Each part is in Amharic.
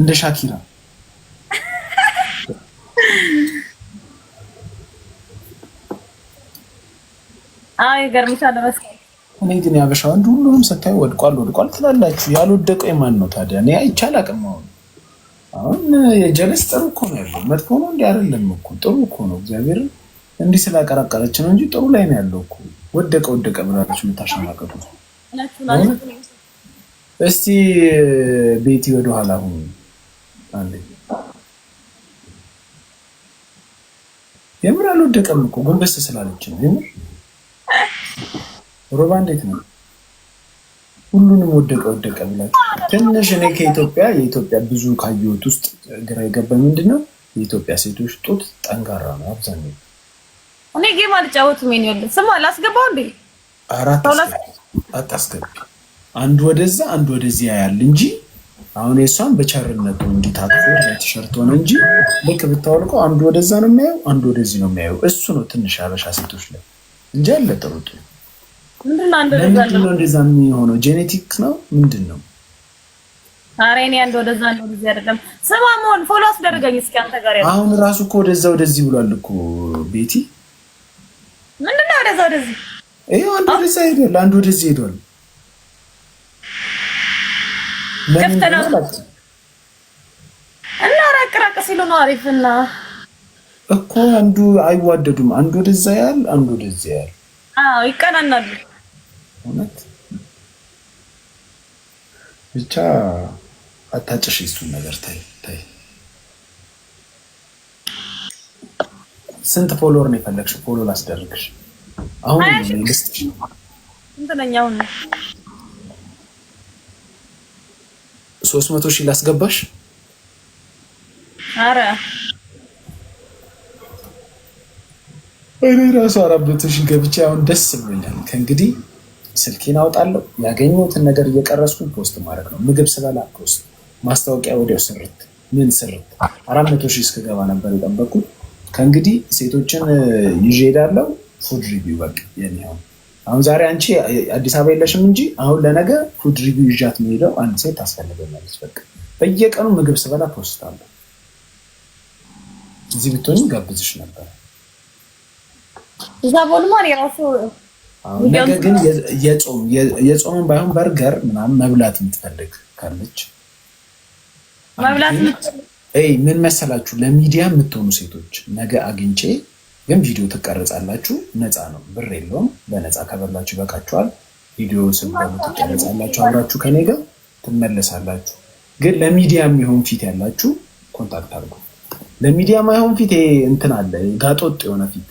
እንደ ሻኪራ አይ ገርምሻል መሰለኝ። እኔ ግን ያበሻው አንድ ሁሉንም ስታዩ ወድቋል ወድቋል ትላላችሁ። ያልወደቀው የማን ነው ታዲያ? እኔ አይቻል አቅም አሁን አሁን የጀለስ ጥሩ እኮ ነው ያለው፣ መጥፎ ነው እንዲህ አይደለም እኮ ጥሩ እኮ ነው። እግዚአብሔር እንዲህ ስላቀራቀረች ነው እንጂ ጥሩ ላይ ነው ያለው እኮ። ወደቀ ወደቀ ብላችሁ የምታሸማቀቁት እስቲ ቤቲ ወደኋላ ሁኑ። የምር አልወደቀም እኮ ጎንበስ ስላለች ነው። ሮባ እንዴት ነው? ሁሉንም ወደቀ ወደቀ ብላችሁ ትንሽ። እኔ ከኢትዮጵያ የኢትዮጵያ ብዙ ካየሁት ውስጥ ግራ የገባኝ ምንድን ነው የኢትዮጵያ ሴቶች ጡት ጠንካራ ነው አብዛኛው። እኔ ጌም አልጫወትም። ኔ ስማ ላስገባው እንዴ? አራት አታስገቢ አንድ ወደዛ አንድ ወደዚያ ያል እንጂ አሁን የሷን በቸርነቱ እንዲታጥፎ ለቲሸርት ሆነ እንጂ ልክ ብታወልቀው አንድ ወደዛ ነው የሚያየው፣ አንድ ወደዚህ ነው የሚያየው። እሱ ነው ትንሽ አበሻ ሴቶች ላይ እንጂ አለ ጥሩጡ ጥሩ። ለምንድን ነው እንደዛ የሚሆነው? ጄኔቲክ ነው ምንድን ነው? ኧረ አንድ ወደዛ አንድ ወደዚህ አይደለም። ስማ መሆን ፎሎ አስደርገኝ እስኪ አንተ ጋር ያለው አሁን ራሱ እኮ ወደዛ ወደዚህ ብሏል እኮ ቤቲ። ምንድን ነው ወደዛ ወደዚህ? ይኸው አንድ ወደዛ ሄዷል፣ አንድ ወደዚህ ሄዷል። ከፍተና እና ራቅ ሲሉ ነው አሪፍና እኮ አንዱ አይዋደዱም። አንዱ ወደዛ ያህል አንዱ ወደዛ ያህል አዎ፣ ይቀናናሉ። እውነት ብቻ አታጭሽ እሱን ነገር ታይ ታይ። ስንት ፎሎወር ነው የፈለግሽ? ፎሎ ላስደርግሽ አሁን ስንት ነኝ አሁን ሶስት መቶ ሺህ ላስገባሽ። አረ እኔ ራሱ አራት መቶ ሺህ ገብቼ አሁን ደስ ብሎኛል። ከእንግዲህ ስልኬን አውጣለሁ ያገኘሁትን ነገር እየቀረስኩ ፖስት ማድረግ ነው። ምግብ ስበላ ፖስት፣ ማስታወቂያ ወዲያው ስርት፣ ምን ስርት። አራት መቶ ሺህ እስክገባ ነበር የጠበቁት። ከእንግዲህ ሴቶችን ይዤ እሄዳለሁ። ፉድ ሪቪው በቃ የኔ አሁን አሁን ዛሬ አንቺ አዲስ አበባ የለሽም እንጂ አሁን ለነገ ፉድ ሪቪው ይዣት የሚሄደው አንድ ሴት ታስፈልገኛለች። በቃ በየቀኑ ምግብ ስበላ ፖስታለሁ። እዚህ ብትሆኝ ጋብዝሽ ነበር። ነገ ግን የጾምን ባይሆን በርገር ምናምን መብላት የምትፈልግ ካለች ምን መሰላችሁ ለሚዲያ የምትሆኑ ሴቶች ነገ አግኝቼ ግን ቪዲዮ ትቀረጻላችሁ፣ ነፃ ነው፣ ብር የለውም። በነፃ ከበላችሁ ይበቃችኋል። ቪዲዮ ስም ደግሞ ትቀረጻላችሁ፣ አብራችሁ ከኔ ጋር ትመለሳላችሁ። ግን ለሚዲያ የሚሆን ፊት ያላችሁ ኮንታክት አድርጉ። ለሚዲያ ማይሆን ፊት እንትን አለ፣ ጋጦጥ የሆነ ፊት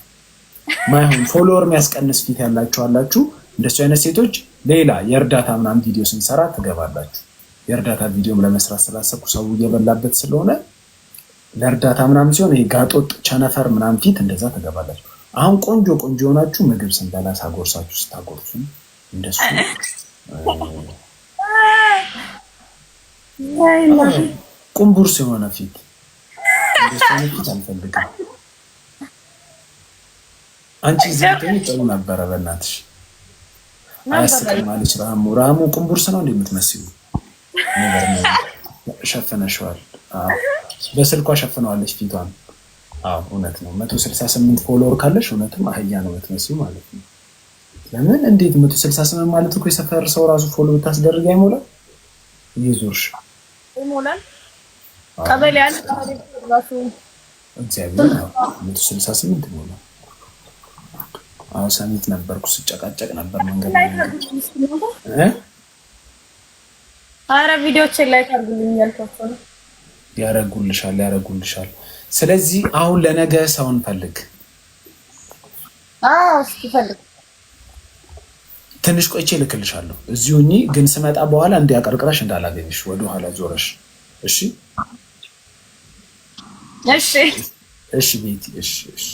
ማይሆን ፎሎወር የሚያስቀንስ ፊት ያላችሁ አላችሁ። እንደሱ አይነት ሴቶች ሌላ የእርዳታ ምናምን ቪዲዮ ስንሰራ ትገባላችሁ። የእርዳታ ቪዲዮም ለመስራት ስላሰብኩ ሰው እየበላበት ስለሆነ ለእርዳታ ምናምን ሲሆን ይሄ ጋጦጥ ቸነፈር ምናምን ፊት እንደዛ ትገባላችሁ። አሁን ቆንጆ ቆንጆ የሆናችሁ ምግብ ስንበላ ሳጎርሳችሁ ስታጎርሱ እንደሱ ቁምቡርስ የሆነ ፊት ፊት አልፈልግም። አንቺ ዚ ጥሩ ነበረ። በእናትሽ አያስቅም አለች ራሙ። ረሃሙ ቁምቡርስ ነው እንደምትመስሉ ሸፍነሸዋል። በስልኳ ሸፍነዋለች ፊቷን። አዎ እውነት ነው። መቶ ስልሳ ስምንት ፎሎወር ካለሽ እውነትም አህያ ነው የምትመስይው ማለት ነው። ለምን እንዴት መቶ ስልሳ ስምንት ማለት እኮ የሰፈር ሰው ራሱ ፎሎ ብታስደርግ አይሞላል። ይዙርሽ ይሞላል። ቀበሌ ያለ ራሱ እግዚአብሔር መቶ ስልሳ ስምንት አዎ ሰሚት ነበርኩ ስጨቃጨቅ ነበር መንገድ ኧረ ቪዲዮችን ላይ ታርጉልኝ ያልኳቸው ያረጉልሻል ያረጉልሻል። ስለዚህ አሁን ለነገ ሰውን ፈልግ። ትንሽ ቆይቼ እልክልሻለሁ። እዚሁ እኚህ ግን ስመጣ በኋላ እንዲያቀርቅረሽ እንዳላገኝሽ ወደኋላ ዞረሽ። እሺ እሺ እሺ ቤቲ እሺ እሺ።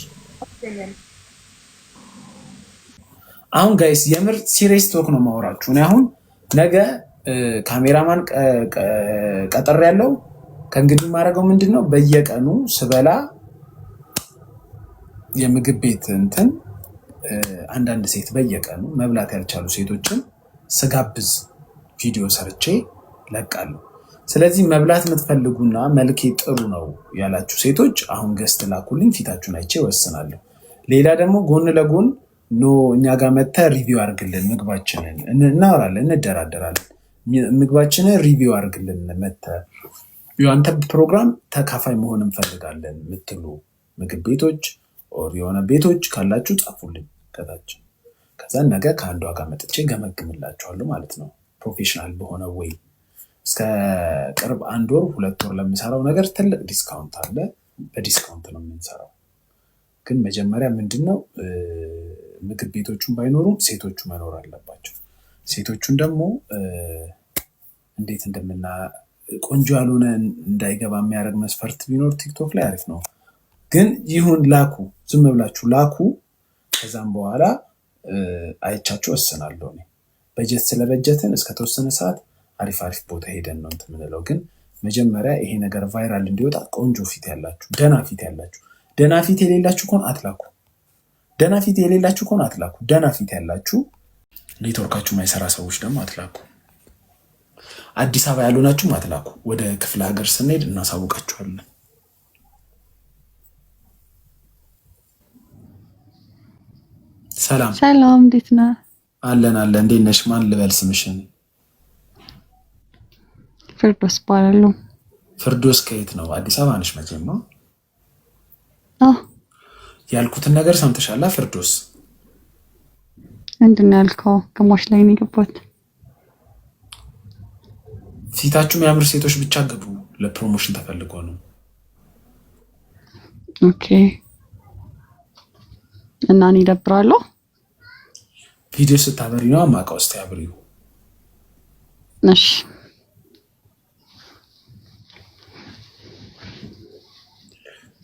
አሁን ጋይስ የምር ሲሪየስ ቶክ ነው ማወራችሁ። እኔ አሁን ነገ ካሜራማን ቀጠር ያለው ከእንግዲህ የማደርገው ምንድን ነው በየቀኑ ስበላ የምግብ ቤት እንትን አንዳንድ ሴት በየቀኑ መብላት ያልቻሉ ሴቶችን ስጋብዝ ቪዲዮ ሰርቼ ለቃሉ። ስለዚህ መብላት የምትፈልጉና መልኬ ጥሩ ነው ያላችሁ ሴቶች አሁን ገስት ላኩልኝ፣ ፊታችሁን አይቼ ይወስናሉ። ሌላ ደግሞ ጎን ለጎን ኖ እኛ ጋር መጥተህ ሪቪው አርግልን ምግባችንን፣ እናወራለን፣ እንደራደራለን። ምግባችንን ሪቪው አርግልን መተ የአንተ ፕሮግራም ተካፋይ መሆን እንፈልጋለን የምትሉ ምግብ ቤቶች ኦር የሆነ ቤቶች ካላችሁ ጻፉልኝ ከታች። ከዛ ነገ ከአንዷ ጋር መጥቼ ገመግምላችኋለሁ ማለት ነው። ፕሮፌሽናል በሆነ ወይ እስከ ቅርብ አንድ ወር ሁለት ወር ለምሰራው ነገር ትልቅ ዲስካውንት አለ። በዲስካውንት ነው የምንሰራው። ግን መጀመሪያ ምንድን ነው ምግብ ቤቶቹን ባይኖሩ ሴቶቹ መኖር አለባቸው። ሴቶቹን ደግሞ እንዴት እንደምና ቆንጆ ያልሆነ እንዳይገባ የሚያደርግ መስፈርት ቢኖር ቲክቶክ ላይ አሪፍ ነው። ግን ይሁን ላኩ፣ ዝም ብላችሁ ላኩ። ከዛም በኋላ አይቻችሁ ወስናለሁ። በጀት ስለበጀትን እስከተወሰነ ሰዓት አሪፍ አሪፍ ቦታ ሄደን ነው የምንለው። ግን መጀመሪያ ይሄ ነገር ቫይራል እንዲወጣ ቆንጆ ፊት ያላችሁ፣ ደና ፊት ያላችሁ፣ ደና ፊት የሌላችሁ ከሆነ አትላኩ። ደና ፊት የሌላችሁ ከሆነ አትላኩ። ደና ፊት ያላችሁ ኔትወርካችሁ ማይሰራ ሰዎች ደግሞ አትላኩ። አዲስ አበባ ያልሆናችሁም አትላኩ። ወደ ክፍለ ሀገር ስንሄድ እናሳውቃችኋለን። ሰላም ሰላም፣ እንዴት ነህ? አለን አለን። እንዴት ነሽ? ማን ልበል ስምሽን? ፍርዶስ እባላለሁ። ፍርዶስ ከየት ነው? አዲስ አበባ ነሽ መቼም ነው። ያልኩትን ነገር ሰምተሻላ? ፍርዶስ ምንድን ነው ያልከው? ግማሽ ላይ ነው የገባት ፊታችሁ የሚያምር ሴቶች ብቻ ግቡ። ለፕሮሞሽን ተፈልጎ ነው። ኦኬ። እና እኔ እደብራለሁ። ቪዲዮ ስታበሪ ነው አማቃ ውስጥ አብሪው። እሺ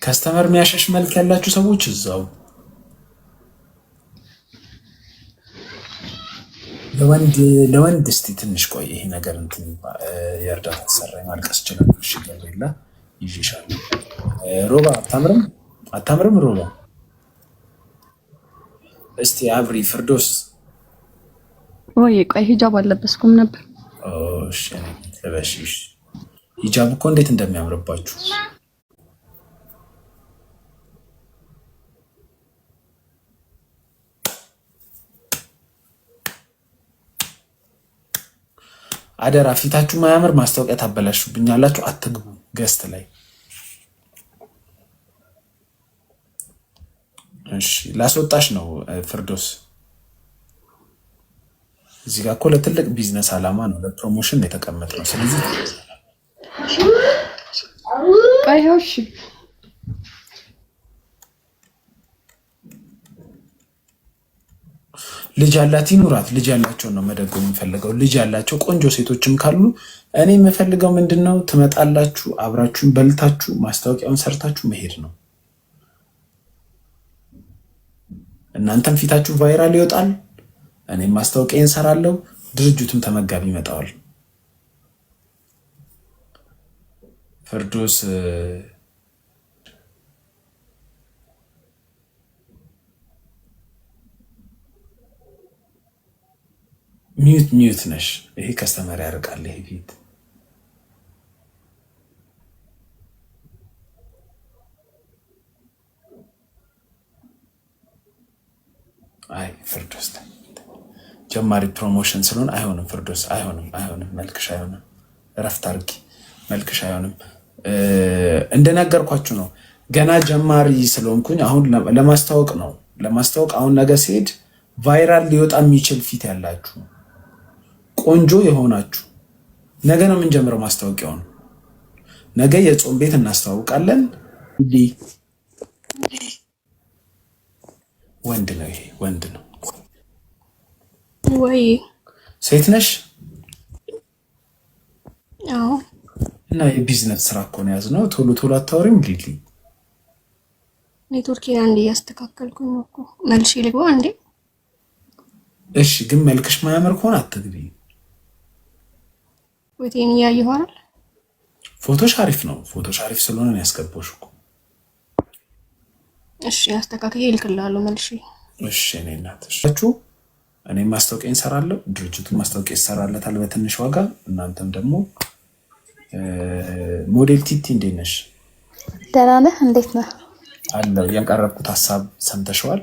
ከስተመር የሚያሸሽ መልክ ያላችሁ ሰዎች እዛው ለወንድ እስቲ ትንሽ ቆይ፣ ይሄ ነገር እንትን የእርዳታ ተሰራኝ ማልቀስ ይችላል። እሺ ገብርኤላ ይዤሻለሁ። ሮባ አታምርም፣ አታምርም ሮባ። እስቲ አብሪ ፍርዶስ ወይ ቆይ፣ ሂጃብ አለበስኩም ነበር። እሺ ለበሽሽ። ሂጃብ እኮ እንዴት እንደሚያምርባችሁ አደራ ፊታችሁ ማያምር ማስታወቂያ ታበላሹብኛላችሁ፣ አትግቡ ገስት ላይ። እሺ ላስወጣሽ ነው ፍርዶስ። እዚህ ጋር እኮ ለትልቅ ቢዝነስ አላማ ነው ለፕሮሞሽን የተቀመጠ ነው። ስለዚህ ልጅ ያላት ይኑራት። ልጅ ያላቸውን ነው መደጎም የምፈልገው። ልጅ ያላቸው ቆንጆ ሴቶችም ካሉ እኔ የምፈልገው ምንድን ነው? ትመጣላችሁ፣ አብራችሁን በልታችሁ ማስታወቂያውን ሰርታችሁ መሄድ ነው። እናንተም ፊታችሁ ቫይራል ይወጣል፣ እኔም ማስታወቂያ እንሰራለሁ፣ ድርጅቱም ተመጋቢ ይመጣዋል። ፍርዱስ ሚዩት ሚዩት ነሽ። ይሄ ከስተመር ያርቃል። ይሄ ፊት አይ ፍርዶስ ጀማሪ ፕሮሞሽን ስለሆን አይሆንም። ፍርዶስ አይሆንም፣ አይሆንም። መልክሽ አይሆንም። እረፍት አርጊ፣ መልክሽ አይሆንም። እንደነገርኳችሁ ነው። ገና ጀማሪ ስለሆንኩኝ አሁን ለማስታወቅ ነው ለማስታወቅ አሁን ነገ ሲሄድ ቫይራል ሊወጣ የሚችል ፊት ያላችሁ ቆንጆ የሆናችሁ ነገ ነው የምንጀምረው ማስታወቂያውን። ነገ የጾም ቤት እናስተዋውቃለን። ወንድ ነው ይሄ ወንድ ነው ወይ? ሴት ነሽ? እና የቢዝነስ ስራ እኮ ነው ያዝነው። ቶሎ ቶሎ አታወሪም ሊሊ። ኔትወርክ አንዴ እያስተካከልኩኝ እኮ መልሼ ልግባ እንዴ። እሺ፣ ግን መልክሽ ማያምር ከሆነ አትግቢ ፎቶን እያየ ይሆናል። ፎቶሽ አሪፍ ነው። ፎቶሽ አሪፍ ስለሆነ ነው ያስገባሽ እኮ። እሺ አስተካክዬ እልክልሃለሁ መልሼ። እሺ እኔ እናትችሁ እኔ ማስታወቂያ እንሰራለሁ፣ ድርጅቱን ማስታወቂያ ይሰራለታል በትንሽ ዋጋ። እናንተም ደግሞ ሞዴል ቲቲ እንዴት ነሽ? ደህና ነህ? እንዴት ነህ? አለው ያቀረብኩት ሀሳብ ሰምተሽዋል?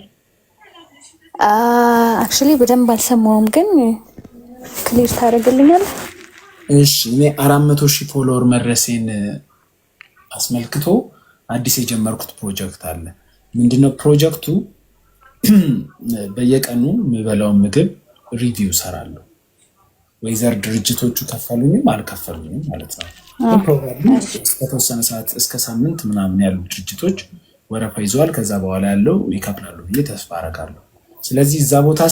አክቹሊ በደንብ አልሰማውም፣ ግን ክሊር ታደርግልኛል እሺ እኔ አራት መቶ ሺህ ፎሎወር መድረሴን አስመልክቶ አዲስ የጀመርኩት ፕሮጀክት አለ። ምንድነው ፕሮጀክቱ? በየቀኑ የምበላውን ምግብ ሪቪው ሰራለሁ። ወይዘር ድርጅቶቹ ከፈሉኝም አልከፈሉኝም ማለት ነው። እስከተወሰነ ሰዓት እስከ ሳምንት ምናምን ያሉ ድርጅቶች ወረፋ ይዘዋል። ከዛ በኋላ ያለው ይከፍላሉ ብዬ ተስፋ አረጋለሁ። ስለዚህ እዛ ቦታ